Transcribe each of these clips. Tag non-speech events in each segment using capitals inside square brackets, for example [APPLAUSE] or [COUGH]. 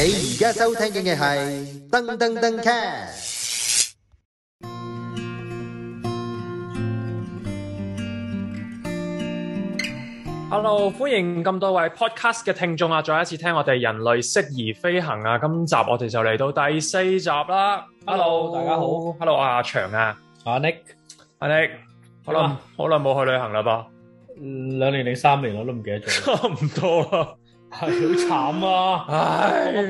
你而家收聽嘅係噔噔噔 cast Hello，歡迎咁多位 podcast 嘅聽眾啊！再一次聽我哋人類適宜飛行啊！今集我哋就嚟到第四集啦！Hello，Hello 大家好！Hello，我阿長 Nick. Nick, 啊，阿 Nick，阿 Nick，好耐好耐冇去旅行啦噃，兩年定三年我都唔記得咗，差唔多啦。係好慘啊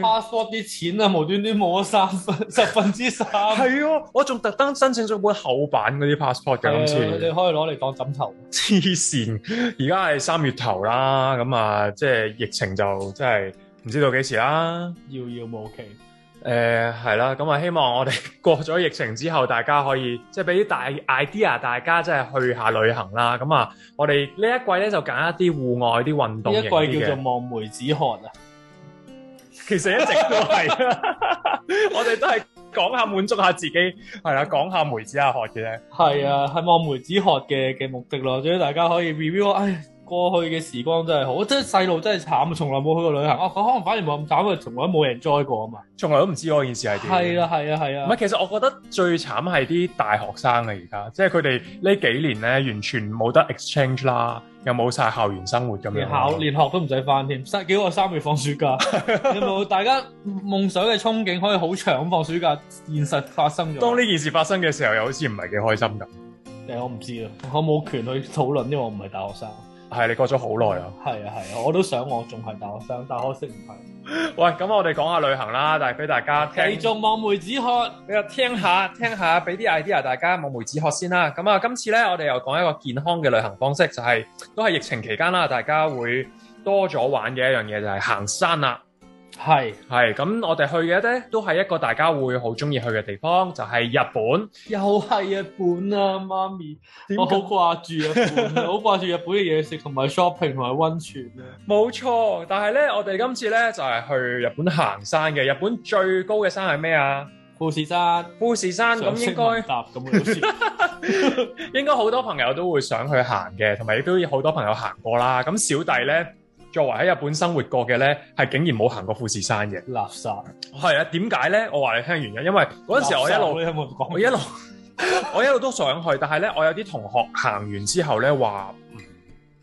！passport 唉，啲、哎、錢啊，無端端冇咗三分，十分之三。係 [LAUGHS] 啊，我仲特登申請咗本厚版嗰啲 passport 嘅，今次、啊、次你可以攞嚟當枕頭。黐線！而家係三月頭啦，咁啊，即係疫情就真係唔知道幾時啦，遙遙無期。誒，係啦、嗯，咁啊、嗯，希望我哋過咗疫情之後，大家可以即係俾啲大 idea，大家即係去下旅行啦。咁、嗯、啊，我哋呢一季咧就揀一啲戶外啲運動型嘅，一季叫做望梅止渴啊。其實一直都係， [LAUGHS] [LAUGHS] 我哋都係講下滿足下自己，係啦，講下梅子渴、 [LAUGHS] 嗯、啊，喝嘅，係啊，係望梅止渴嘅嘅目的咯，所以大家可以 review，哎。過去嘅時光真係好，即係細路真係慘，從來冇去過旅行。我、啊、佢可能反而冇咁慘，因為從來都冇人栽過啊嘛，從來都唔知嗰件事係點。係啊係啊係啊！唔係、啊啊、其實我覺得最慘係啲大學生啊而家，即係佢哋呢幾年咧完全冇得 exchange 啦，又冇晒校園生活咁樣，考學連學都唔使返添，幾個三月放暑假， [LAUGHS] 有冇大家夢想嘅憧憬可以好長咁放暑假？現實發生咗。當呢件事發生嘅時候，又好似唔係幾開心咁。誒，我唔知啊，我冇權去討論，因為我唔係大學生。係，你過咗好耐啊！係啊係啊，我都想我仲係大學生，但可惜唔係。喂，咁我哋講下旅行啦，但俾大家繼續望梅止渴，你聽下聽下，俾啲 idea 大家望梅止渴先啦。咁啊，今次呢，我哋又講一個健康嘅旅行方式，就係都係疫情期間啦，大家會多咗玩嘅一樣嘢就係行山啦。係係咁，我哋去嘅咧都係一個大家會好中意去嘅地方，就係、係、日本。又係日本啊，媽咪，我好掛住日本、啊， [LAUGHS] 好掛住日本嘅嘢食同埋 shopping 同埋溫泉啊！冇錯，但係咧，我哋今次咧就係、係、去日本行山嘅。日本最高嘅山係咩啊？富士山。富士山咁應該答，咁應該好多朋友都會想去行嘅，同埋亦都有好多朋友行過啦。咁小弟咧。作為喺日本生活過嘅咧，係竟然冇行過富士山嘅垃圾。係啊燒，點解咧？我話你聽原因，因為嗰陣時我一路燒我一路 [LAUGHS] 我一路都想去，但係咧，我有啲同學行完之後咧話，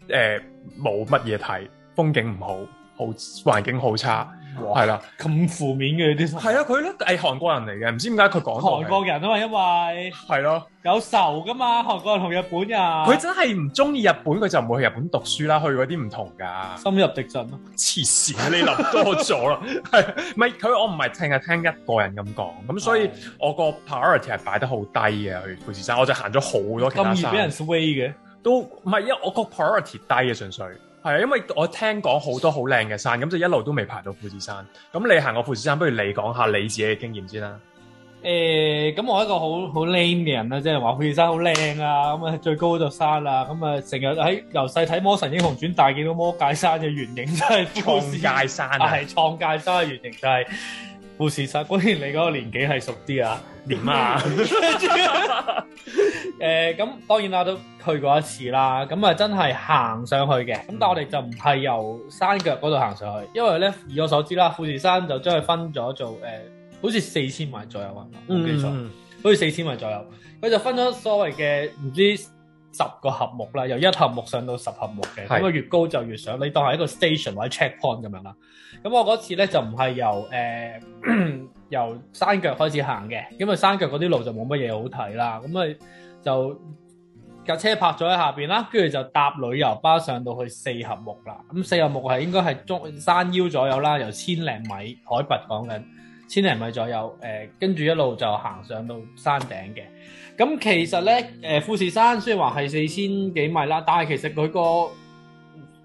誒冇乜嘢睇，風景唔好，好環境好差。嗯係啦，咁負面嘅啲，係啊，佢咧係韓國人嚟嘅，唔知點解佢講。韓國人啊嘛，為因為係咯，啊、有仇噶嘛，韓國人同日本人，佢真係唔中意日本，佢就唔會去日本讀書啦，去嗰啲唔同噶。深入敵陣咯，黐線，你諗多咗啦。係， [LAUGHS] 唔係佢我唔係淨係聽一個人咁講，咁所以、哦、我個 priority 係擺得好低嘅去富士山，我就行咗好多。咁易俾人 sway 嘅，都唔係，因為我個 priority 低嘅純粹。係啊，因為我聽講好多好靚嘅山，咁就一路都未爬到富士山。咁你行過富士山，不如你講下你自己嘅經驗先啦。誒，咁我係一個好好 lame 嘅人啦，即係話富士山好靚啊，咁啊最高嗰座山啦，咁啊成日喺由細睇《魔神英雄傳》大見到魔界山嘅原型真係創界山啊，係創界山嘅原型就係。富士山，果然你嗰個年紀係熟啲樣啊，點 [LAUGHS] 啊、 [LAUGHS] 呃？誒，咁當然啦，都去過一次啦。咁啊，真係行上去嘅。咁、嗯、但係我哋就唔係由山腳嗰度行上去，因為咧，以我所知啦，富士山就將佢分咗做誒、呃，好似四千米左右啊，唔記錯，嗯、好似四千米左右。佢就分咗所謂嘅唔知。十個合目啦，由一合目上到十合目嘅，咁啊的越高就越上，你當係一個 station 或者 check point 咁樣啦。咁我嗰次咧就唔係由誒、呃、由山腳開始行嘅，因為山腳嗰啲路就冇乜嘢好睇啦。咁咪就架車泊咗喺下邊啦，跟住就搭旅遊巴上到去四合目啦。咁四合目係應該係中山腰左右啦，由千零米海拔講緊千零米左右，誒跟住一路就行上到山頂嘅。咁其實咧，誒富士山雖然話係四千幾米啦，但係其實佢個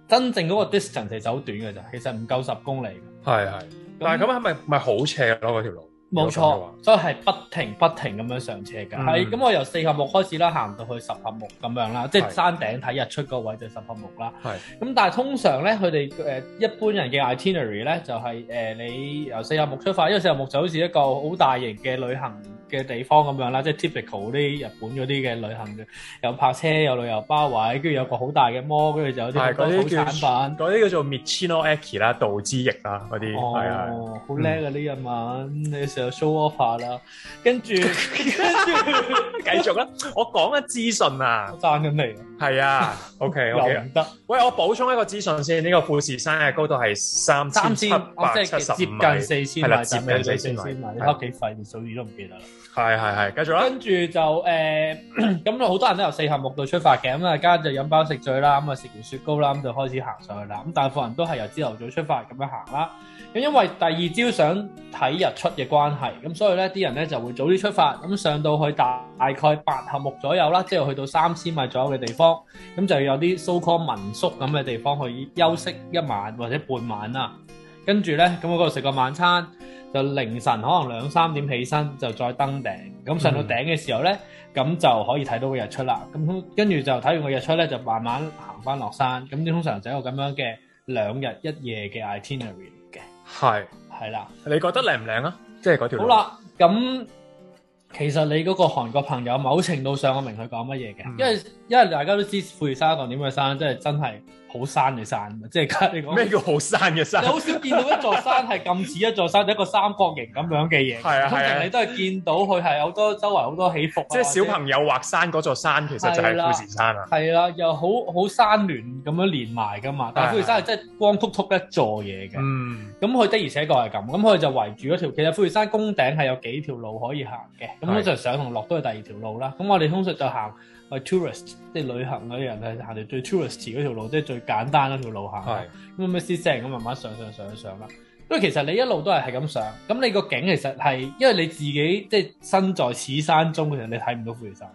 真正嗰個 distance 就係好短嘅啫，其實唔夠十公里。係係是，那但係咁係咪咪好斜咯？嗰條路。冇錯，所以係不停不停咁樣上斜㗎。係咁、嗯，我由四合目開始啦，行到去十合目咁樣啦，即係山頂睇日出嗰位就十合目啦。係是。咁但係通常咧，佢哋誒一般人嘅 itinerary 咧就係、是、誒、呃、你由四合目出發，因為四合目就好似一個好大型嘅旅行。嘅地方咁樣啦，即係 typical 啲日本嗰啲嘅旅行嘅，有泊車，有旅遊巴位，跟住有個好大嘅摩，跟住就有啲本土產品。嗰啲叫做 Michinoaki 啦，道之翼啦嗰啲，係啊，好叻啊呢啲日文，你成日 show off 啦，跟住跟住繼續啦，我講啲資訊啊，爭緊你，係啊，OK OK，唔得。喂，我補充一個資訊先，呢個富士山嘅高度係三千七百七十米，接近四千米，接近四千米，你屋企廢數字都唔記得啦。係係係，跟住咧，跟住就誒，咁、呃、好多人都由四合目度出發嘅，咁啊，家就飲飽食醉啦，咁啊食完雪糕啦，咁就開始行上去啦。咁大部分人都係由朝頭早出發咁樣行啦。咁因為第二朝想睇日出嘅關係，咁所以咧啲人咧就會早啲出發，咁上到去大概八合目左右啦，即係去到三千米左右嘅地方，咁就有啲 so-called 民宿咁嘅地方去休息一晚或者半晚啦。跟住咧，咁、嗯、我嗰度食個晚餐。就凌晨可能兩三點起身就再登頂，咁上到頂嘅時候咧，咁、嗯、就可以睇到個日出啦。咁跟住就睇完個日出咧，就慢慢行翻落山。咁你通常就有個咁樣嘅兩日一夜嘅 itinerary 嘅。係係啦，的你覺得靚唔靚啊？即係嗰條。好啦，咁其實你個韓國朋友，某程度上我明佢講乜嘢嘅，嗯、因為因為大家都知富士山當點嘅山，即、就、係、是、真係。好山嘅山，即係家你講咩叫好山嘅山？你好少見到一座山係咁似一座山，一個三角形咁樣嘅嘢。係啊係啊，通常你都係見到佢係好多周圍好多起伏。即係小朋友畫山嗰座山，其實就係富士山啊。係啦，又好好山巒咁樣連埋噶嘛。但係富士山係真係光禿禿一座嘢嘅。嗯。咁佢的而且確係咁，咁佢就圍住嗰條。其實富士山宮頂係有幾條路可以行嘅。咁通常上同落都係第二條路啦。咁我哋通常就行去 tourist，即係旅行嗰啲人係行條最 touristy 嗰條路，即係最。簡單嗰條路行，咁樣先正咁慢慢上上上上啦。因為其實你一路都係係咁上，咁你個景其實係因為你自己即係身在此山中嘅時候，其實你睇唔到富士山。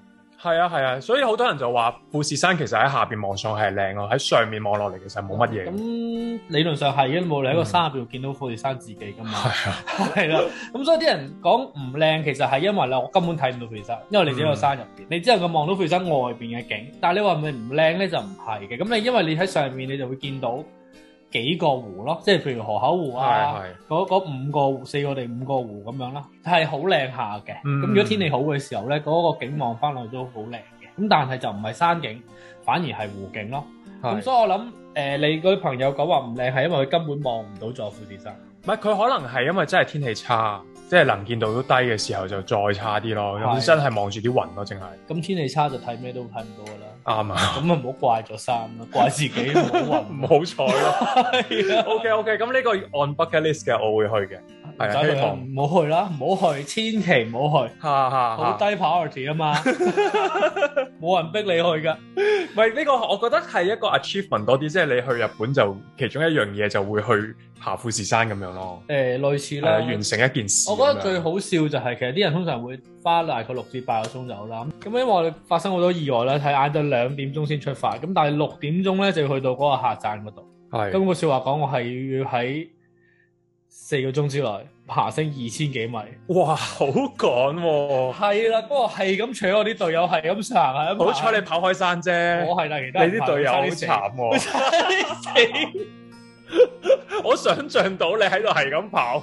係啊係啊，所以好多人就話富士山其實喺下面望上去係靚咯，喺上面望落嚟其實冇乜嘢。咁、嗯、理論上係因為，冇你喺個山入面見到富士山自己㗎嘛。係、嗯、啊，係咯、啊。咁所以啲人講唔靚，其實係因為咧，我根本睇唔到富士山，因為你喺個山入面，嗯、你只能夠望到富士山外面嘅景。但係你話唔靚咧就唔係嘅。咁你因為你喺上面你就會見到。幾個湖咯，即係譬如河口湖啊，嗰嗰是是 五個湖，四個地五個湖咁樣啦，係好靚下嘅。咁、嗯、如果天氣好嘅時候呢，嗰、那個景望翻落都好靚嘅。咁但係就唔係山景，反而係湖景咯。咁是是 所以我諗誒、呃，你嗰啲朋友講話唔靚，係因為佢根本望唔到座富士山。唔係佢可能係因為真係天氣差。即係能見度都低嘅時候就再差啲咯，咁的真係望住啲雲咯、啊，淨係。咁天氣差就睇咩都睇唔到噶啦。啱 [LAUGHS] 啊，咁啊唔好怪咗山咯，怪自己唔好唔好彩咯。O K O K，咁呢個 on bucket list 嘅，我會去嘅。唔好去，堂去啦，唔好去，千祈唔好去，好 [LAUGHS] 低 priority 啊嘛，冇 [LAUGHS] [LAUGHS] 人逼你去噶。唔係呢個，我覺得係一個 achievement 多啲，即係你去日本就其中一樣嘢就會去下富士山咁樣咯。誒、欸，類似啦，完成一件事。我覺得最好笑就係的其實啲人通常會花大概六至八個鐘就好啦。咁因為我哋發生好多意外啦，睇晏到兩點鐘先出發。咁但係六點鐘咧就要去到嗰個客棧嗰度。係的。咁個笑話講，我係要喺。四個鐘之內爬升二千幾米，哇，好趕喎、啊！係啦，不過係咁搶我啲隊友，係咁上啊！好彩你跑開山啫，我係啦，其他你啲隊友好慘喎，啊、 [LAUGHS] [LAUGHS] 我想象到你喺度係咁跑。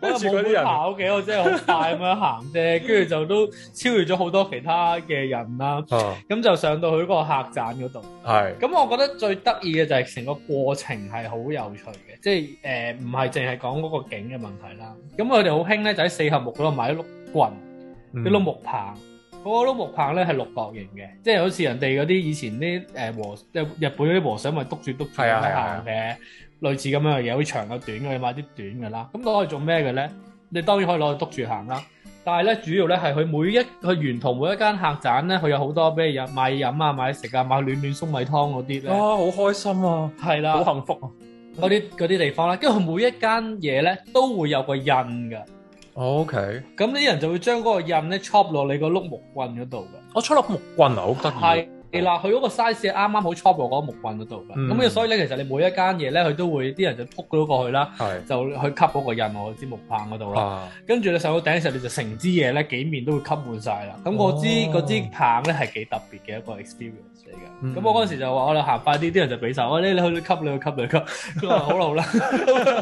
跟住嗰啲人跑嘅，我 [LAUGHS] 真係好快咁樣行啫。跟住就都超越咗好多其他嘅人啦。咁、啊、就上到去嗰個客棧嗰度。係是。咁我覺得最得意嘅就係成個過程係好有趣嘅，即係誒唔係淨係講嗰個景嘅問題啦。咁佢哋好興咧，就喺四合木嗰度買啲碌棍，碌、嗯、木棒。嗰啲木棒咧係六角形嘅，即係好似人哋嗰啲以前啲誒和即係日本嗰啲和尚咪督住篤住行嘅。的類似咁樣嘅嘢，有長有短嘅，你買啲短嘅啦。咁都可以做咩嘅咧？你當然可以攞去篤住行啦。但係咧，主要咧係佢每一個沿途每一間客棧咧，佢有好多咩嘢，賣飲啊、賣食啊、賣暖暖粟米湯嗰啲咧。啊，好開心啊！係啦，好幸福啊！嗰啲嗰啲地方啦，跟住每一間嘢咧都會有個印㗎。OK。咁呢啲人就會將嗰個印咧戳落你個碌木棍嗰度㗎。我戳落木棍啊，好得意。係啦，佢嗰、嗯、個 size 係啱啱好 chop 嗰木棍嗰度㗎，咁、嗯、所以咧，其實你每一間嘢咧，佢都會啲人就撲嗰度過去啦，是就去吸嗰個印喎，支木棒嗰度咯。啊、跟住你上到頂嘅時候，你就成支嘢咧幾面都會吸滿晒啦。咁支嗰支棒咧係幾特別嘅一個 experience 嚟嘅。咁、嗯、我嗰時就話我哋行快啲，啲人就俾手我咧、哎，你去吸你去吸你，你，你，你，你吸，佢話好啦好啦，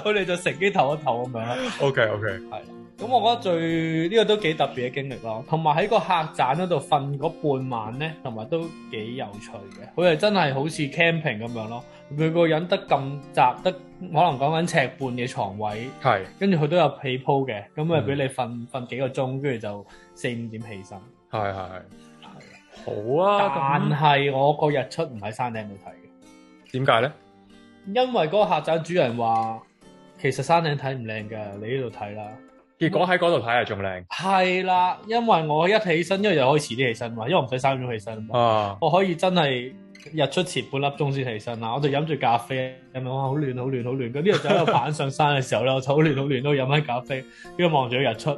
佢哋 [LAUGHS] 就乘機唞一唞咁樣。OK OK，係。 [LAUGHS] 咁，我覺得最呢、呢個都幾特別嘅經歷咯。同埋喺個客棧嗰度瞓嗰半晚咧，同埋都幾有趣嘅。佢係真係好似 camping 咁樣咯。每個人得咁窄，得可能講緊尺半嘅床位，係的，跟住佢都有被鋪嘅，咁咪俾你瞓瞓、嗯、幾個鐘，跟住就四五點起身。係係係係好啊。但係我個日出唔喺山頂度睇嘅，點解咧？因為嗰個客棧主人話，其實山頂睇唔靚嘅，你呢度睇啦。結果喺嗰度睇啊，仲靚係啦，因為我一起身，因為又可以遲啲起身嘛，因為唔使三點起身啊，我可以真係日出前半粒鐘先起身啊，我就飲住咖啡，飲到好暖，好暖，好暖，咁呢啲就喺度爬上山嘅時候咧，我就好暖，好暖，都飲緊咖啡，跟住望住日出，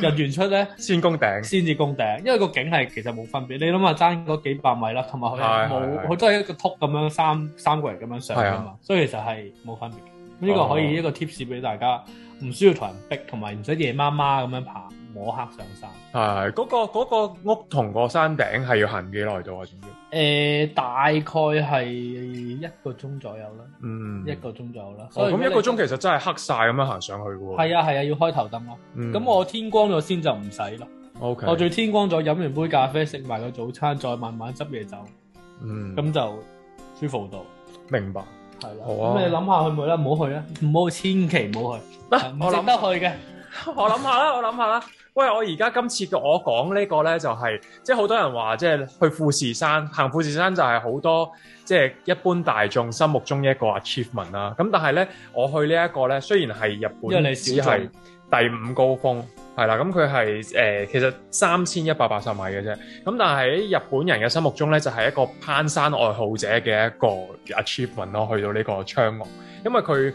日完出咧 [LAUGHS] 先攻頂，先至攻頂，因為個景係其實冇分別，你諗下爭嗰幾百米啦，同埋佢冇，佢都係一個突咁樣三三個人咁樣上噶嘛的的，所以其實係冇分別，呢的個可以一個 tips 俾大家。唔需要同人逼，同埋唔使夜媽媽咁樣爬摸黑上山。係嗰、嗰個、嗰個屋同個山頂係要行幾耐到啊？主要誒，大概係一個鐘左右啦。嗯，一個鐘左右啦。哦，咁、哦、一個鐘其實真係黑晒咁樣行上去嘅。係啊係啊，要開頭燈咯。咁、嗯、我天光咗先就唔使啦。O K。我最天光咗，飲完杯咖啡，食埋個早餐，再慢慢執嘢走。嗯，咁就舒服到。明白。係啦，咁你諗下去唔去啦，唔好去啦，唔好，千祈唔好去。唔、啊、值得去嘅想，我諗下啦，我諗下啦。 [LAUGHS] 喂，我而家今次嘅我講呢個咧，就係、是、即係好多人話，即係去富士山行富士山就係好多即係一般大眾心目中嘅一個 achievement 啦。咁但係咧，我去呢一個咧，雖然係日本，你只係第五高峰。係啦，咁佢係誒，其實三千一百八十米嘅啫。咁但係喺日本人嘅心目中咧，就係、是、一個攀山愛好者嘅一個 achievement 咯，去到呢個槍岳，因為佢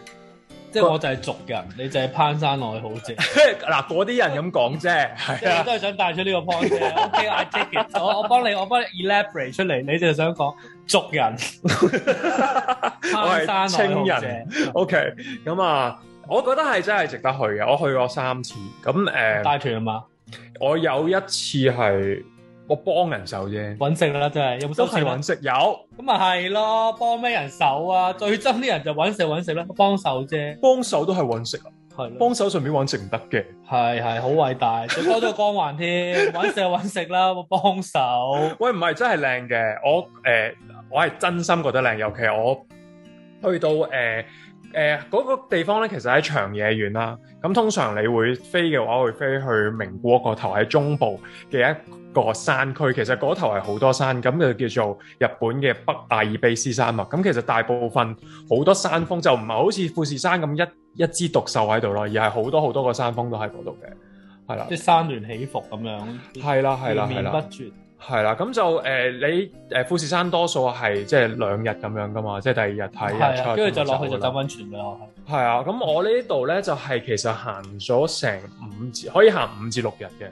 即係我就係族人，你就係攀山愛好者。嗱、 [LAUGHS] 啊，嗰啲人咁講啫，係都係想帶出呢個 point 啫。O K，I take it 我我幫你，我幫你 elaborate 出嚟。你就想講族人， [LAUGHS] 攀山青人。O K，咁啊。Okay, 嗯 [LAUGHS] 我覺得係真係值得去嘅，我去過三次。咁誒，帶團啊嘛？我有一次係我幫人手啫，揾食啦，真係有冇收錢揾食？有咁咪係咯，幫咩人手啊？最憎啲人就揾食揾食啦，幫手啫。幫手都係揾食啊，係幫手順便揾食唔得嘅，係係好偉大，仲多咗光環添，揾食揾食啦，幫手。喂，唔係真係靚嘅，我誒，我係真心覺得靚，尤其我去到誒。誒嗰、呃那個地方咧，其實喺長野縣啦。咁、啊、通常你會飛嘅話，會飛去名古屋嗰頭喺中部嘅一個山區。其實嗰頭係好多山，咁就叫做日本嘅北阿爾卑斯山啊。咁其實大部分好多山峰就唔係好似富士山咁一一枝獨秀喺度咯，而係好多好多個山峰都喺嗰度嘅，係啦。即山巒起伏咁樣。係啦的，係啦的，係啦。係啦，咁就誒、呃、你誒、呃、富士山多數係即係兩日咁樣㗎嘛，即係第二日睇，跟住就落去的就浸溫泉咯。係啊，咁我呢度咧就係、是、其實行咗成五，至，可以行五至六日嘅，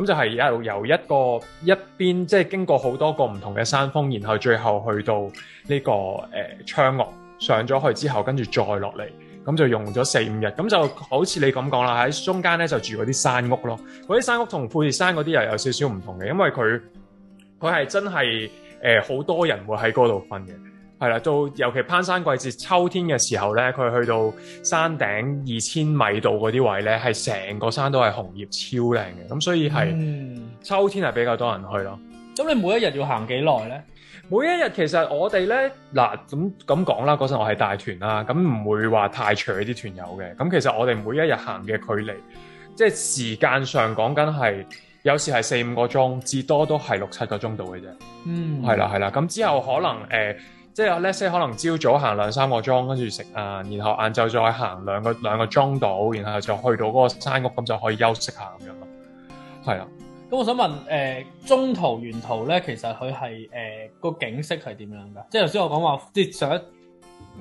咁就係一路由一個一邊即係經過好多個唔同嘅山峰，然後最後去到呢、這個誒槍、呃、岳上咗去之後，跟住再落嚟，咁就用咗四五日，咁就好似你咁講啦，喺中間咧就住嗰啲山屋咯。嗰啲山屋同富士山嗰啲又有少少唔同嘅，因為佢。佢係真係誒，好、呃、多人會喺嗰度瞓嘅，係啦。到尤其攀山季節，秋天嘅時候咧，佢去到山頂二千米度嗰啲位咧，係成個山都係紅葉，超靚嘅。咁所以係、嗯、秋天係比較多人去咯。咁、嗯、你每一日要行幾耐咧？每一日其實我哋咧嗱咁咁講啦，嗰陣我係大團啦、啊，咁唔會話太長啲團友嘅。咁其實我哋每一日行嘅距離，即、就、係、是、時間上講緊係。有時係四五個鐘，至多都係六七個鐘度嘅啫。嗯，係啦，係啦。咁之後可能誒、呃，即係有 less 可能朝早行兩三個鐘，跟住食啊，然後晏晝再行兩個兩個鐘度，然後就去到嗰個山屋，咁就可以休息下咁樣咯。係啊，咁我想問誒、呃，中途沿途咧，其實佢係誒個景色係點樣㗎？即係頭先我講話即上一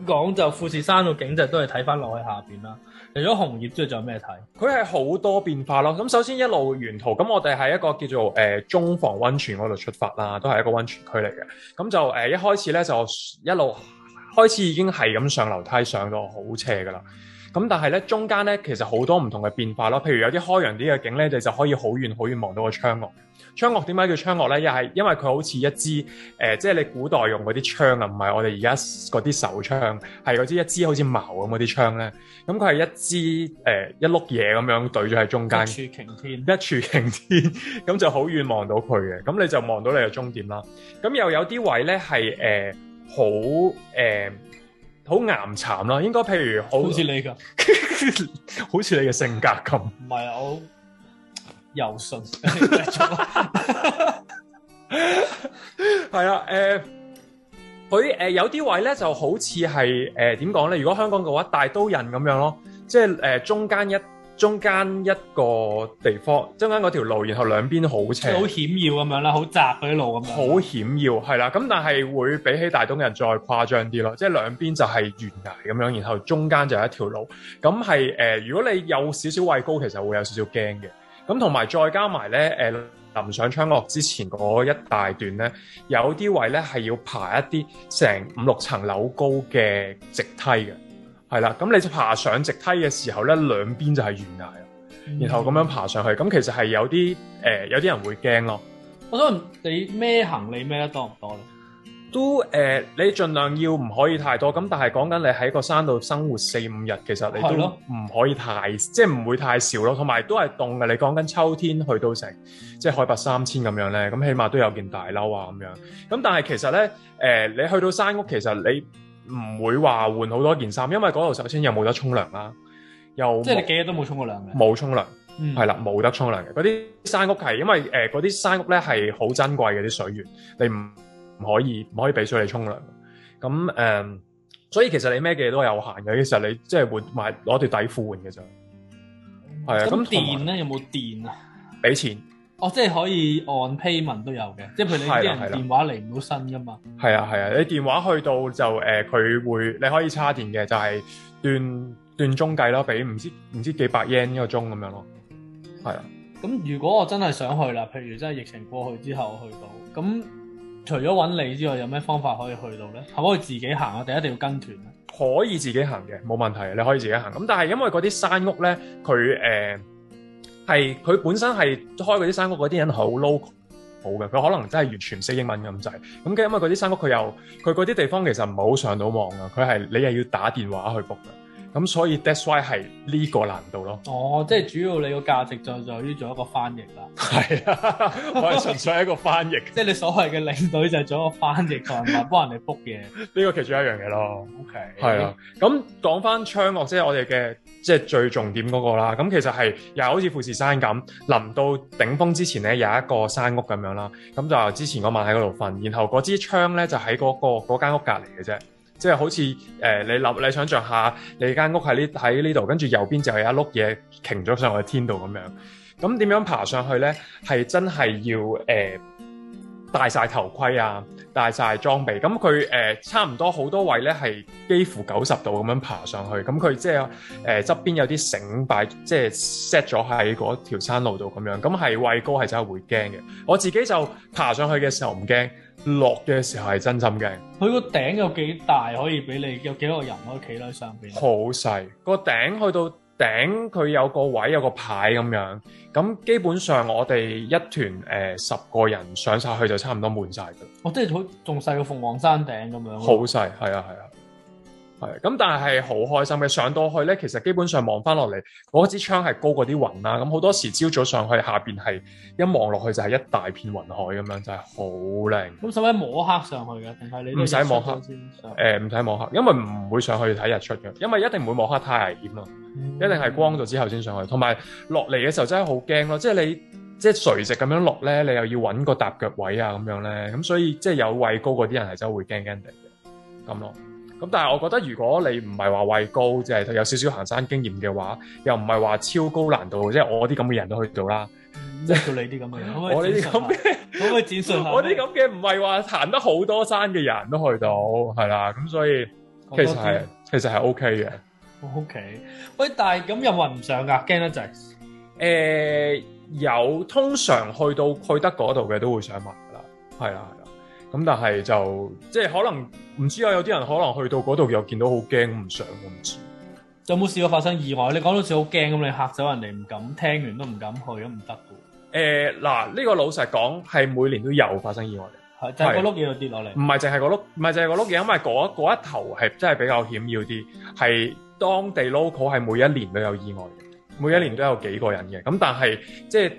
講就富士山個景就都係睇翻落去下邊啦。除咗紅葉之外，仲有咩睇？佢係好多變化咯。咁首先一路沿途，咁我哋喺一個叫做誒、呃、中房溫泉嗰度出發啦，都係一個溫泉區嚟嘅。咁就誒、呃、一開始咧就一路開始已經係咁上樓梯，上到好斜噶啦。咁但係咧，中間咧其實好多唔同嘅變化咯。譬如有啲開揚啲嘅景咧，你就可以好遠好遠望到個槍嶽。槍嶽點解叫槍嶽咧？又係因為佢好似一支誒、呃，即係你古代用嗰啲槍啊，唔係我哋而家嗰啲手槍，係嗰支一支好似矛咁嗰啲槍咧。咁佢係一支誒、呃、一碌嘢咁樣對咗喺中間，一柱擎天，一柱擎天，咁、 [LAUGHS] 嗯、就好遠望到佢嘅。咁、嗯、你就望到你嘅終點啦。咁、嗯、又有啲位咧係誒好誒。呃好岩慘啦，應該譬如好似你嘅， [LAUGHS] 好似你嘅性格咁。唔係好，我柔順，係 [LAUGHS] [LAUGHS] [LAUGHS] 啊，誒、呃，佢誒、呃、有啲位咧就好似係誒點講咧？如果香港嘅話，大刀人咁樣咯，即係誒、呃、中間一。中間一個地方，中間嗰條路，然後兩邊好斜，好 [NOISE] 險要咁樣啦，好窄嗰啲路咁。好險要係啦，咁但係會比起大東人再誇張啲咯，即係兩邊就係懸崖咁樣，然後中間就係一條路，咁係誒，如果你有少少畏高，其實會有少少驚嘅。咁同埋再加埋咧，誒、呃，臨上槍岳之前嗰一大段咧，有啲位咧係要爬一啲成五六層樓高嘅直梯嘅。係啦，咁你爬上直梯嘅時候咧，兩邊就係懸崖，然後咁樣爬上去，咁其實係有啲誒、呃，有啲人會驚咯。我想問你孭行李孭得多唔多咧？都誒、呃，你盡量要唔可以太多，咁但係講緊你喺個山度生活四五日，其實你都唔可以太，了即係唔會太少咯。同埋都係凍嘅，你講緊秋天去到成、嗯、即係海拔三千咁樣咧，咁起碼都有件大褸啊咁樣。咁但係其實咧，誒、呃、你去到山屋，其實你。嗯唔會話換好多件衫，因為嗰度首先又冇得沖涼啦，又即係你幾日都冇沖過涼嘅，冇沖涼，係啦、嗯，冇得沖涼嘅。嗰啲山屋係因為誒嗰啲山屋咧係好珍貴嘅啲水源，你唔唔可以唔可以俾水你沖涼。咁誒、呃，所以其實你咩嘅都有限嘅，其實你即係換買攞條底褲換嘅啫係啊。咁電咧有冇電啊？俾錢。哦，oh, 即係可以按 payment 都有嘅，即係譬如你啲人電話嚟唔到新噶嘛。係啊係啊，你電話去到就誒，佢、呃、會你可以插電嘅，就係、是、斷斷鐘計咯，俾唔知唔知幾百 yen 一個鐘咁樣咯。係啊。咁如果我真係想去啦，譬如真係疫情過去之後去到，咁除咗揾你之外，有咩方法可以去到咧？可唔可以自己行啊？定一定要跟團咧？可以自己行嘅，冇問題，你可以自己行。咁但係因為嗰啲山屋咧，佢誒。呃係，佢本身係開嗰啲山谷嗰啲人好 local 好嘅，佢可能真係完全唔識英文咁滯。咁嘅因為嗰啲山谷佢又佢嗰啲地方其實唔係好上到網啊，佢係你係要打電話去 b o 咁所以 that's why 係呢個難度咯。哦，即係主要你個價值就在於做一個翻譯啦。係啊，我係純粹一個翻譯，即係你所謂嘅領隊就係做一個翻譯，同埋幫人哋 book 嘢。呢個其中一樣嘢咯。OK。係啦。咁講翻槍岳即係我哋嘅即係最重點嗰個啦。咁其實係又好似富士山咁，臨到頂峰之前咧有一個山屋咁樣啦。咁就之前嗰晚喺嗰度瞓，然後嗰支槍咧就喺嗰個嗰間屋隔離嘅啫。即係好似誒，你、呃、諗你想像下，你間屋喺呢喺呢度，跟住右邊就有一碌嘢擎咗上去天度咁樣。咁點樣，樣爬上去咧？係真係要誒、呃、戴晒頭盔啊，戴晒裝備，啊。咁佢誒差唔多好多位咧，係幾乎九十度咁樣爬上去。咁佢即係誒側邊有啲繩擺，即係 set 咗喺嗰條山路度咁樣。咁係畏高係真係會驚嘅，我自己就爬上去嘅時候唔驚。落嘅時候係真心嘅。佢個頂有幾大，可以俾你有幾多人可以企喺上邊？好細，個頂去到頂，佢有個位有個牌咁樣，咁基本上我哋一團誒、呃、十個人上晒去就差唔多滿晒噶。哦，即係好仲細過鳳凰山頂咁樣。好細，係啊係啊。係咁，但係係好開心嘅。上到去咧，其實基本上望翻落嚟，嗰支槍係高過啲雲啦。咁、嗯、好多時朝早上去，下邊係一望落去就係一大片雲海咁樣，就係好靚。咁使唔使摸黑上去嘅？定係你唔使摸黑先，誒、呃，唔使摸黑，因為唔會上去睇日出嘅，因為一定唔會摸黑太危險咯。嗯、一定係光咗之後先上去。同埋落嚟嘅時候真係好驚咯，即係你即係垂直咁樣落咧，你又要揾個搭腳位啊咁樣咧。咁所以即係有畏高嗰啲人係真係會驚驚地嘅，咁咯。咁但係我覺得如果你唔係話畏高，即係有少少行山經驗嘅話，又唔係話超高難度，即係我啲咁嘅人都去到啦，即係，嗯，叫你啲咁嘅人。我啲咁嘅可唔可以展我啲咁嘅唔係話行得好多山嘅人都去到，係啦，咁所以其實其實係 O K 嘅。OK，喂，但係咁有冇人唔上噶？驚得滯？誒，有，通常去到去得嗰度嘅都會想問啦，係啦。咁但係就即係可能唔知啊，有啲人可能去到嗰度又見到好驚，唔想我唔知。有冇試過發生意外？你講到似好驚咁，你嚇走人哋唔敢聽完都唔敢去，咁唔得嘅。誒嗱，呢個老實講係每年都有發生意外嘅，係就係個碌嘢又跌落嚟。唔係淨係個碌，唔係淨係個碌嘢，因為嗰一頭係真係比較險要啲，係當地 local 係每一年都有意外嘅，每一年都有幾個人嘅。咁，嗯，但係即係。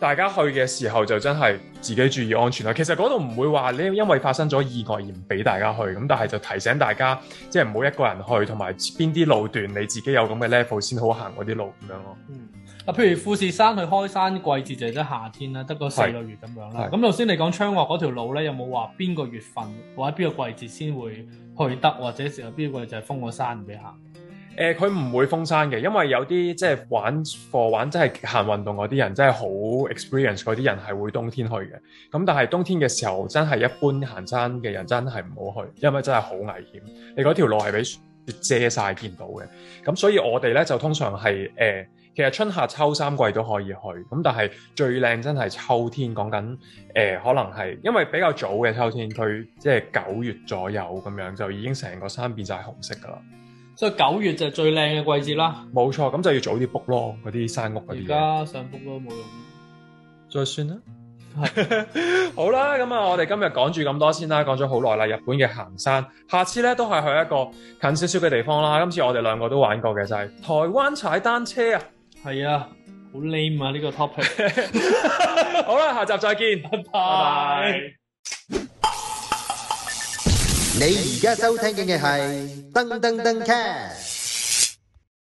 大家去嘅時候就真係自己注意安全啦。其實嗰度唔會話你因為發生咗意外而唔俾大家去，咁但係就提醒大家即係唔好一個人去，同埋邊啲路段你自己有咁嘅 level 先好行嗰啲路咁樣咯。嗯，嗱，譬如富士山去開山季節就係得夏天啦，得個四個月咁樣啦。咁頭先你講槍岳嗰條路咧，有冇話邊個月份或者邊個季節先會去得，或者時候邊個季節封個山唔俾行？誒佢唔會封山嘅，因為有啲即係玩貨玩真係極限運動嗰啲人，真係好 experience 嗰啲人係會冬天去嘅。咁但係冬天嘅時候，真係一般行山嘅人真係唔好去，因為真係好危險。你嗰條路係俾雪遮晒見到嘅。咁所以我哋咧就通常係誒、呃，其實春夏秋三季都可以去。咁但係最靚真係秋天，講緊誒可能係因為比較早嘅秋天，佢即係九月左右咁樣就已經成個山變晒紅色㗎喇。所以九月就是最靚嘅季節啦，冇錯，咁就要早啲 book 咯，嗰啲山屋嗰啲。而家想 book 都冇用，再算啦。是 [LAUGHS] 好啦，咁我哋今日講住咁多先啦，講咗好耐啦，日本嘅行山，下次呢都係去一個近少少嘅地方啦。今次我哋兩個都玩過嘅就係、是、台灣踩單車是啊，係啊，好 lame 啊呢個 topic。 [LAUGHS] [LAUGHS] 好啦，下集再見，拜拜 bye。Bye bye 你而家收聽嘅係噔噔噔 cast。